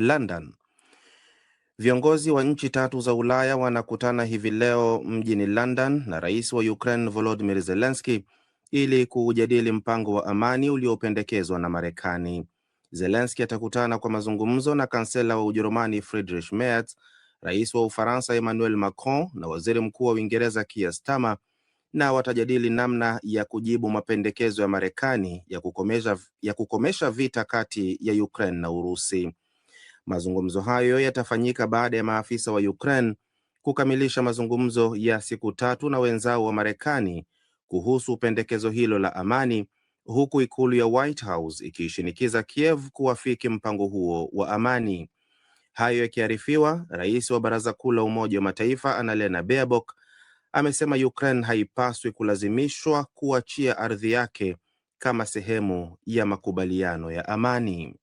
London. Viongozi wa nchi tatu za Ulaya wanakutana hivi leo mjini London na rais wa Ukraine Volodymyr Zelensky ili kujadili mpango wa amani uliopendekezwa na Marekani. Zelensky atakutana kwa mazungumzo na kansela wa Ujerumani Friedrich Merz, rais wa Ufaransa Emmanuel Macron na waziri mkuu wa Uingereza Keir Starmer, na watajadili namna ya kujibu mapendekezo ya Marekani ya kukomesha, ya kukomesha vita kati ya Ukraine na Urusi. Mazungumzo hayo yatafanyika baada ya maafisa wa Ukraine kukamilisha mazungumzo ya siku tatu na wenzao wa Marekani kuhusu pendekezo hilo la amani, huku ikulu ya White House ikiishinikiza Kiev kuwafiki mpango huo wa amani. Hayo yakiarifiwa, rais wa Baraza Kuu la Umoja wa Mataifa Annalena Baerbock amesema Ukraine haipaswi kulazimishwa kuachia ardhi yake kama sehemu ya makubaliano ya amani.